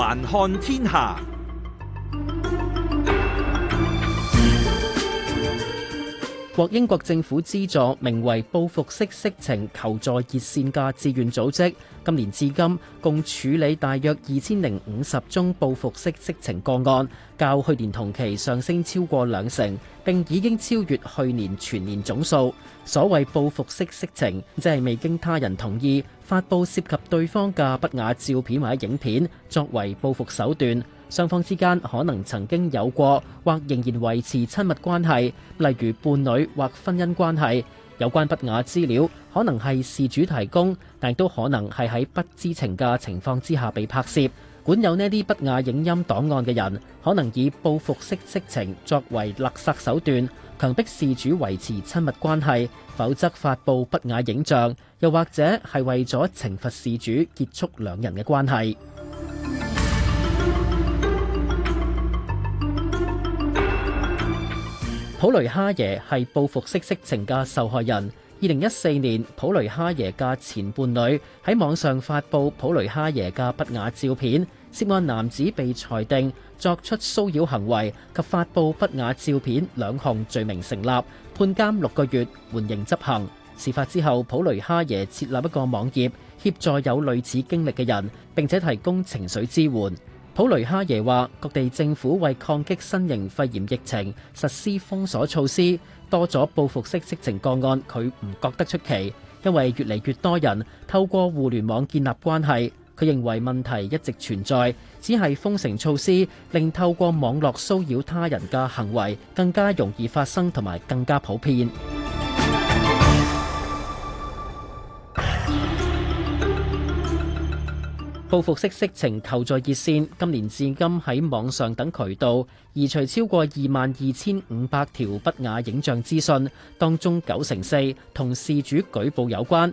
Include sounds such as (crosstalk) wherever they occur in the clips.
環看天下，獲英國政府資助、名為報復式色情求助熱線嘅志願組織，今年至今共處理大約二千零五十宗報復式色情個案，較去年同期上升超過兩成，並已經超越去年全年總數。所謂報復式色情，即係未經他人同意。發布涉及對方嘅不雅照片或者影片作為報復手段，雙方之間可能曾經有過或仍然維持親密關係，例如伴侶或婚姻關係。有關不雅資料可能係事主提供，但都可能係喺不知情嘅情況之下被拍攝。本有呢啲不雅影音檔案嘅人，可能以報復式色情作為勒索手段，強逼事主維持親密關係，否則發布不雅影像，又或者係為咗懲罰事主，結束兩人嘅關係。普雷哈耶係報復式色情嘅受害人。二零一四年，普雷哈耶嘅前伴侶喺網上發布普雷哈耶嘅不雅照片。涉案男子被裁定作出騷擾行為及發布不雅照片兩項罪名成立，判監六個月，緩刑執行。事發之後，普雷哈耶設立一個網頁，協助有類似經歷嘅人，並且提供情緒支援。普雷哈耶話：各地政府為抗擊新型肺炎疫情實施封鎖措施，多咗報復式色情個案，佢唔覺得出奇，因為越嚟越多人透過互聯網建立關係。佢認為問題一直存在，只係封城措施令透過網絡騷擾他人嘅行為更加容易發生，同埋更加普遍。 (music) 報復式色情求助熱線今年至今喺網上等渠道，移除超過二萬二千五百條不雅影像資訊，當中九成四同事主舉報有關。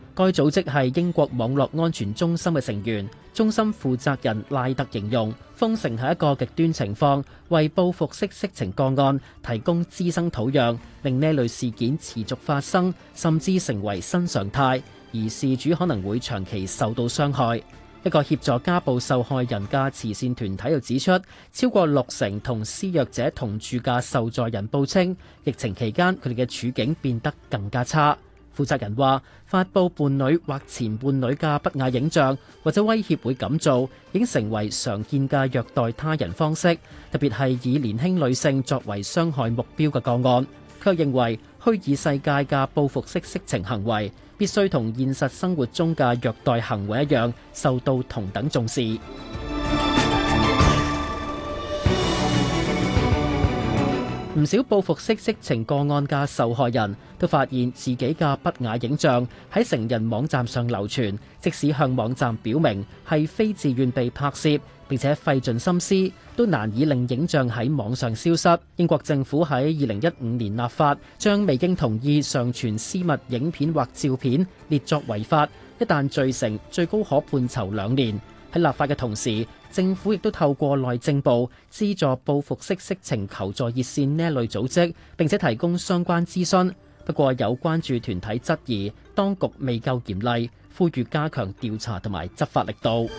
該組織係英國網絡安全中心嘅成員，中心負責人賴特形容封城係一個極端情況，為報復式色情個案提供滋生土壤，令呢類事件持續發生，甚至成為新常態，而事主可能會長期受到傷害。一個協助家暴受害人嘅慈善團體又指出，超過六成同施虐者同住嘅受助人報稱，疫情期間佢哋嘅處境變得更加差。負責人話：發佈伴侶或前伴侶嘅不雅影像，或者威脅會咁做，已經成為常見嘅虐待他人方式，特別係以年輕女性作為傷害目標嘅個案。佢又認為虛擬世界嘅報復式色情行為，必須同現實生活中嘅虐待行為一樣，受到同等重視。唔少報復式色情個案嘅受害人，都發現自己嘅不雅影像喺成人網站上流傳，即使向網站表明係非自願被拍攝，並且費盡心思，都難以令影像喺網上消失。英國政府喺二零一五年立法，將未經同意上傳私密影片或照片列作違法，一旦罪成，最高可判囚兩年。喺立法嘅同時，政府亦都透過內政部資助報復式色情求助熱線呢類組織，並且提供相關諮詢。不過有關注團體質疑當局未夠嚴厲，呼籲加強調查同埋執法力度。